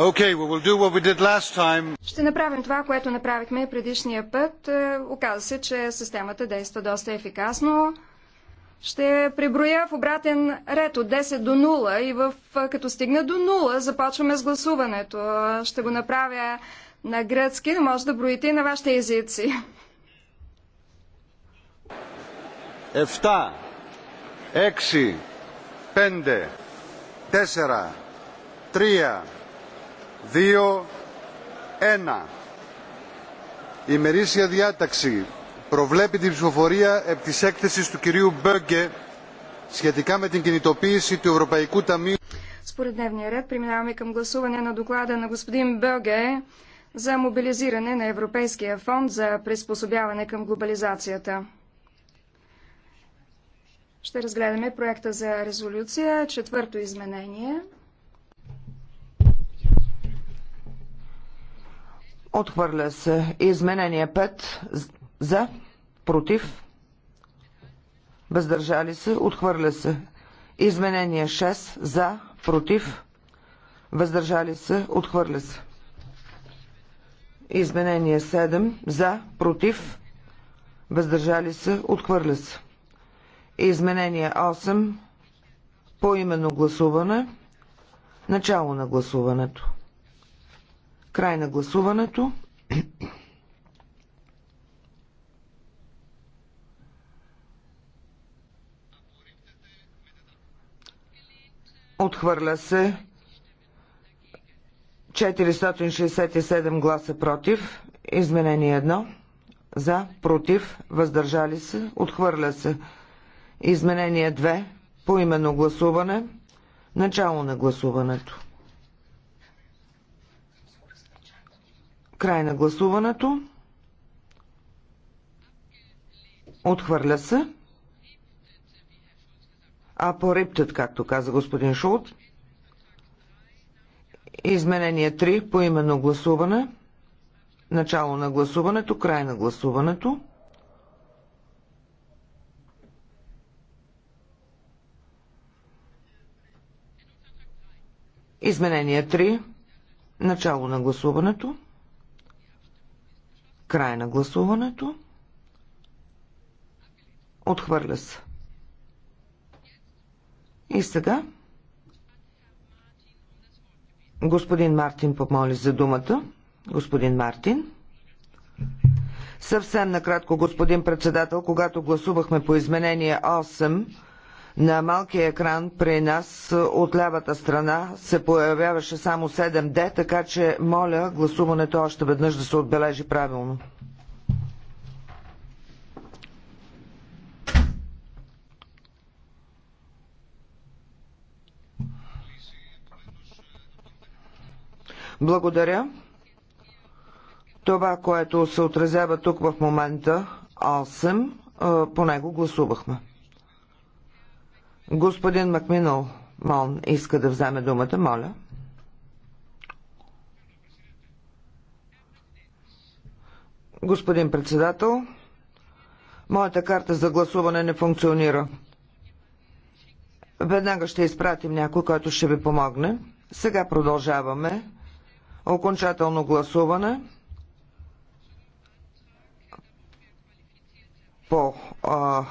Okay, we will do what we did last time. Ще направим това, което направихме предишния път. Е, Оказва се, че системата действа доста ефикасно. Ще преброя в обратен ред от 10 до 0 и в, е, като стигна до 0 започваме с гласуването. Ще го направя на гръцки, но може да броите и на вашите езици. Ефта, екси, пенде, тесера, трия. 2.1. Η ημερήσια διάταξη προβλέπει την ψηφοφορία επί της έκθεσης του κυρίου Μπέγκε σχετικά με την κινητοποίηση του Ευρωπαϊκού Ταμείου. Според дневния ред преминаваме към гласуване на доклада на господин Бълге за мобилизиране на Европейския фонд за приспособяване към глобализацията. Ще разгледаме проекта за резолюция, четвърто изменение. Отхвърля се. Изменение 5. За. Против. Въздържали се. Отхвърля се. Изменение 6. За. Против. Въздържали се. Отхвърля се. Изменение 7. За. Против. Въздържали се. Отхвърля се. Изменение 8. По именно гласуване. Начало на гласуването. Край на гласуването. Отхвърля се 467 гласа против. Изменение 1. За, против, въздържали се. Отхвърля се. Изменение 2. по именно гласуване. Начало на гласуването. Край на гласуването. Отхвърля се. А по рептът, както каза господин Шулт, изменение 3 по именно гласуване. Начало на гласуването, край на гласуването. Изменение 3. Начало на гласуването. Край на гласуването. Отхвърля се. И сега господин Мартин помоли за думата. Господин Мартин. Съвсем накратко, господин председател, когато гласувахме по изменение 8, на малкия екран при нас от лявата страна се появяваше само 7D, така че моля гласуването още веднъж да се отбележи правилно. Благодаря. Това, което се отразява тук в момента, 8, по него гласувахме. Господин Макминал Мон иска да вземе думата, моля. Господин председател, моята карта за гласуване не функционира. Веднага ще изпратим някой, който ще ви помогне. Сега продължаваме. Окончателно гласуване по а,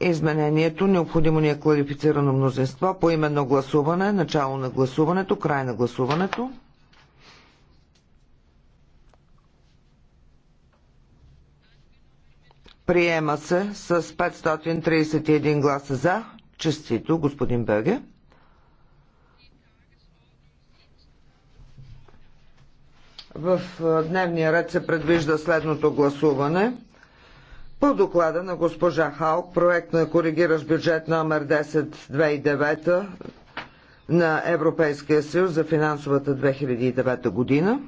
изменението, необходимо ни е квалифицирано мнозинство, по именно гласуване, начало на гласуването, край на гласуването. Приема се с 531 гласа за. Честито, господин Беге. В дневния ред се предвижда следното гласуване. По доклада на госпожа Халк, проект на коригиращ бюджет номер 10-2009 на Европейския съюз за финансовата 2009 година.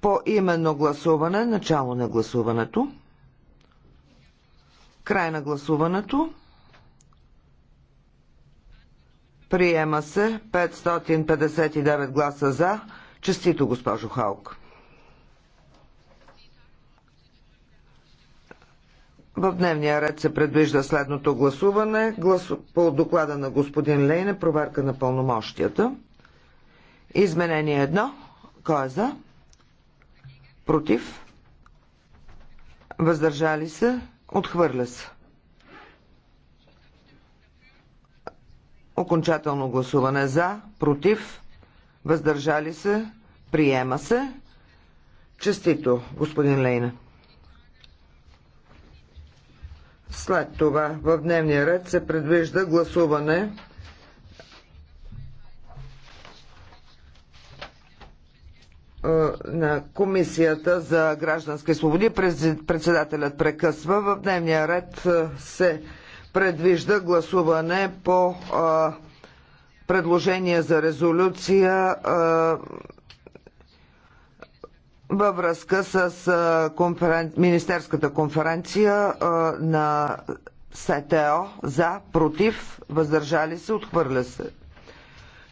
По именно гласуване, начало на гласуването, край на гласуването, приема се 559 гласа за. Честито, госпожо Халк. В дневния ред се предвижда следното гласуване. Гласу... По доклада на господин Лейне, проверка на пълномощията. Изменение едно. Кой е за? Против? Въздържали се? Отхвърля се. Окончателно гласуване за, против, въздържали се, приема се. Честито, господин Лейна. След това в дневния ред се предвижда гласуване е, на Комисията за граждански свободи. Председателят прекъсва. В дневния ред е, се предвижда гласуване по е, предложение за резолюция във връзка с конферен... Министерската конференция на СТО за, против, въздържали се, отхвърля се.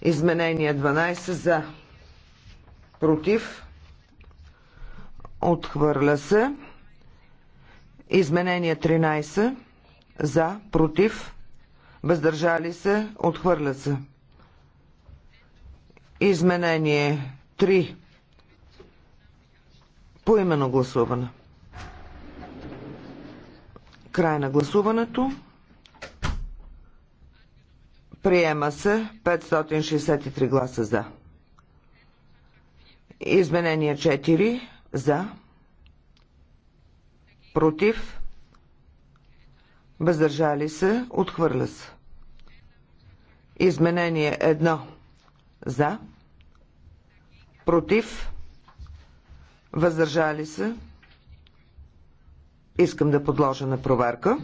Изменение 12 за, против, отхвърля се. Изменение 13 за, против, въздържали се, отхвърля се. Изменение 3 Поимено гласуване. Край на гласуването. Приема се 563 гласа за. Изменение 4 за. Против. Въздържали се. Отхвърля се. Изменение 1 за. Против. Въздържали се? Искам да подложа на проверка.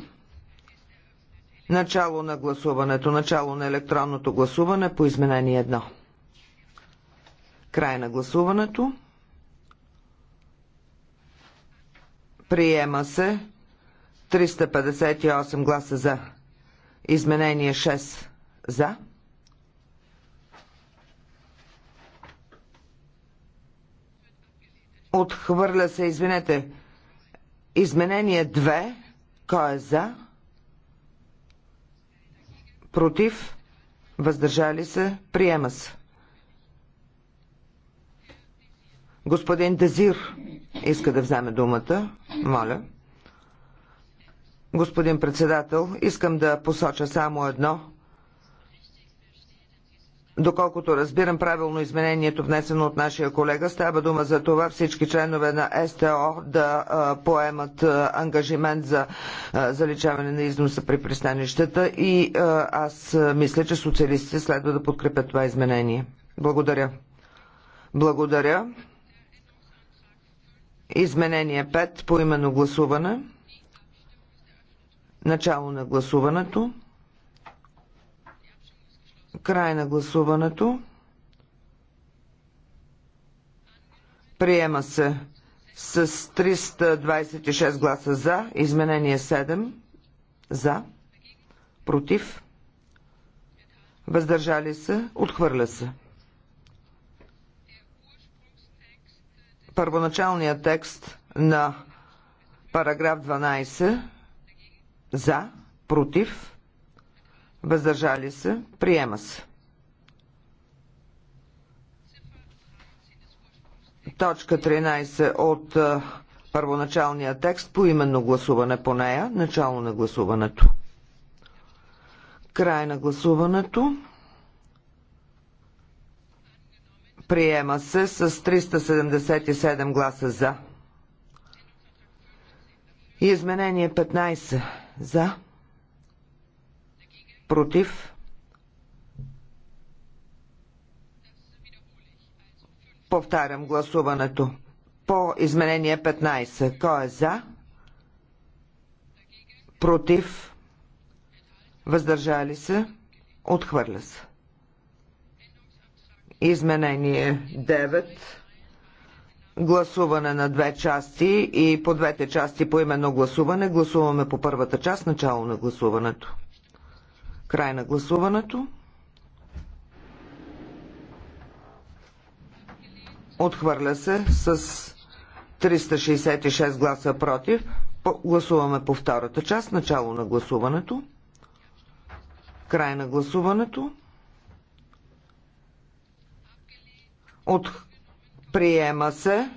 Начало на гласуването, начало на електронното гласуване по изменение 1. Край на гласуването. Приема се 358 гласа за. Изменение 6 за. Отхвърля се, извинете, изменение 2. Кой е за? Против? Въздържали се? Приема се. Господин Дезир иска да вземе думата. Моля. Господин председател, искам да посоча само едно – Доколкото разбирам правилно изменението, внесено от нашия колега, става дума за това всички членове на СТО да поемат ангажимент за заличаване на износа при пристанищата и аз мисля, че социалистите следва да подкрепят това изменение. Благодаря. Благодаря. Изменение 5 по именно гласуване. Начало на гласуването. Край на гласуването. Приема се с 326 гласа за, изменение 7 за, против, въздържали се, отхвърля се. Първоначалният текст на параграф 12 за, против, въздържали се, приема се. Точка 13 от първоначалния текст по именно гласуване по нея. Начало на гласуването. Край на гласуването. Приема се с 377 гласа за. И изменение 15 за против, повтарям гласуването по изменение 15. Кой е за? Против? Въздържали се? Отхвърля се. Изменение 9. Гласуване на две части и по двете части по именно гласуване. Гласуваме по първата част начало на гласуването. Край на гласуването. Отхвърля се с 366 гласа против. Гласуваме по втората част. Начало на гласуването. Край на гласуването. От... Приема се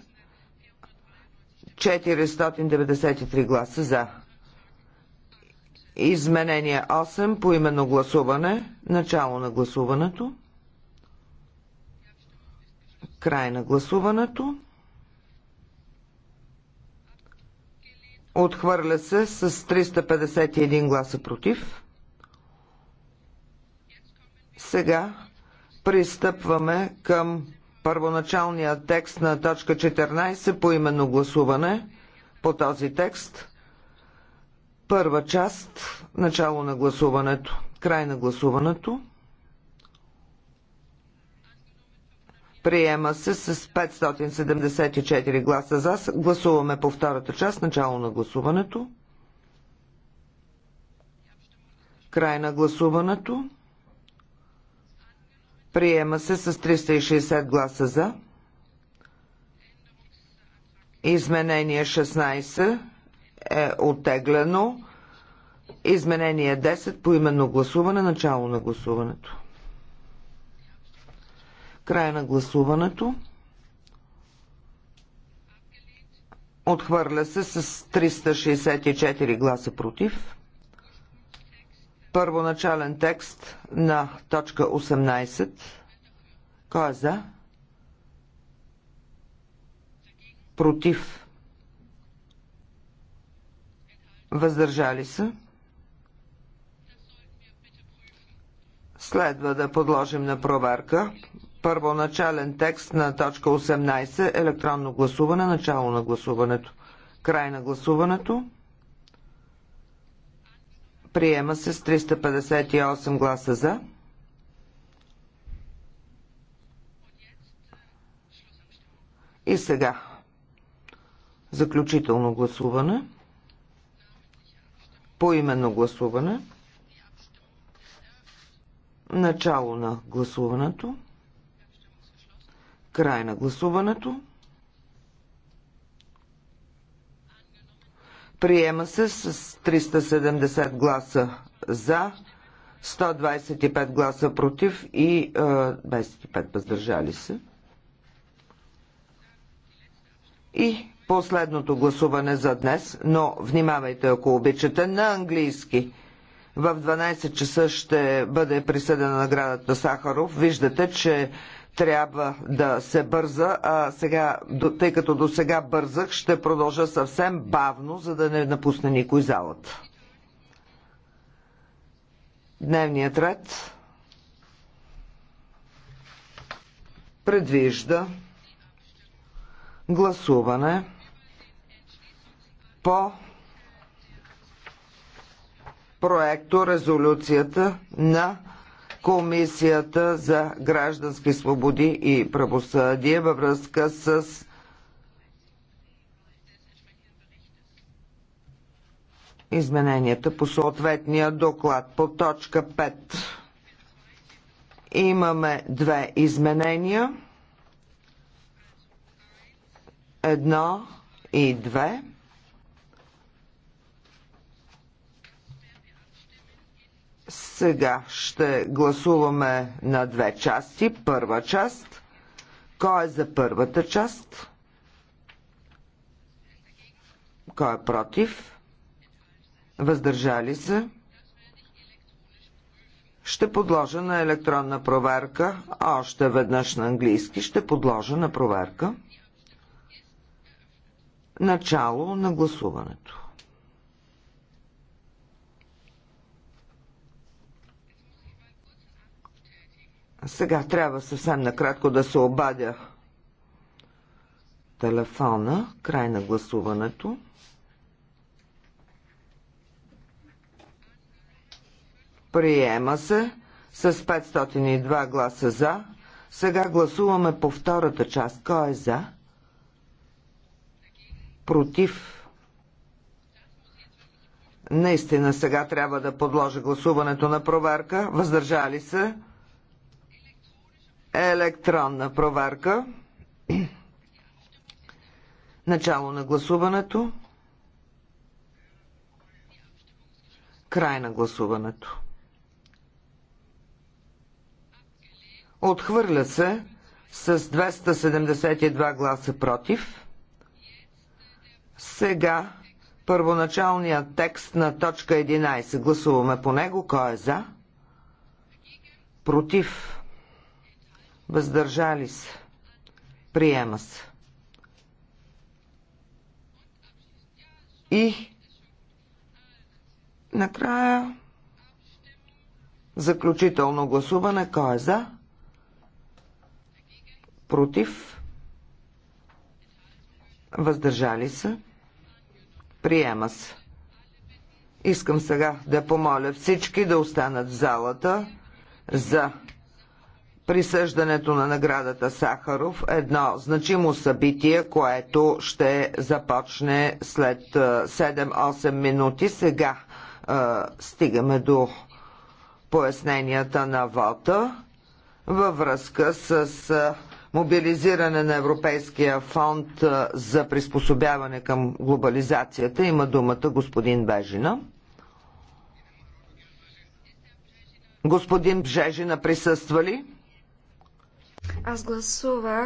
493 гласа за. Изменение 8 по именно гласуване. Начало на гласуването. Край на гласуването. Отхвърля се с 351 гласа против. Сега пристъпваме към първоначалния текст на точка 14 по именно гласуване по този текст. Първа част. Начало на гласуването. Край на гласуването. Приема се с 574 гласа за. Гласуваме по втората част. Начало на гласуването. Край на гласуването. Приема се с 360 гласа за. Изменение 16 е отеглено. Изменение 10 по именно гласуване, начало на гласуването. Край на гласуването. Отхвърля се с 364 гласа против. Първоначален текст на точка 18. Кой е за? Против въздържали са? Следва да подложим на проверка първоначален текст на точка 18 електронно гласуване, начало на гласуването, край на гласуването. Приема се с 358 гласа за. И сега. Заключително гласуване. По именно гласуване. Начало на гласуването. Край на гласуването. Приема се с 370 гласа за, 125 гласа против и е, 25 въздържали се. И последното гласуване за днес, но внимавайте, ако обичате, на английски. В 12 часа ще бъде присъдена наградата Сахаров. Виждате, че трябва да се бърза, а сега, тъй като до сега бързах, ще продължа съвсем бавно, за да не напусне никой залата. Дневният ред предвижда гласуване по проекто резолюцията на Комисията за граждански свободи и правосъдие във връзка с измененията по съответния доклад по точка 5. Имаме две изменения. Едно и две. Сега ще гласуваме на две части. Първа част. Кой е за първата част? Кой е против? Въздържали се? Ще подложа на електронна проверка, още веднъж на английски ще подложа на проверка начало на гласуването. Сега трябва съвсем накратко да се обадя телефона. Край на гласуването. Приема се с 502 гласа за. Сега гласуваме по втората част. Кой е за? Против. Наистина сега трябва да подложа гласуването на проверка. Въздържали се? електронна проверка. Начало на гласуването. Край на гласуването. Отхвърля се с 272 гласа против. Сега първоначалният текст на точка 11. Гласуваме по него. Кой е за? Против въздържали се, приема се. И накрая заключително гласуване. Кой е за? Против? Въздържали се? Приема се. Искам сега да помоля всички да останат в залата за присъждането на наградата Сахаров е едно значимо събитие, което ще започне след 7-8 е, минути. Сега а, е, стигаме до поясненията на ВОТА във връзка с мобилизиране на Европейския фонд за приспособяване към глобализацията. Има думата господин Бежина. Господин Бжежина присъства ли? Аз гласувах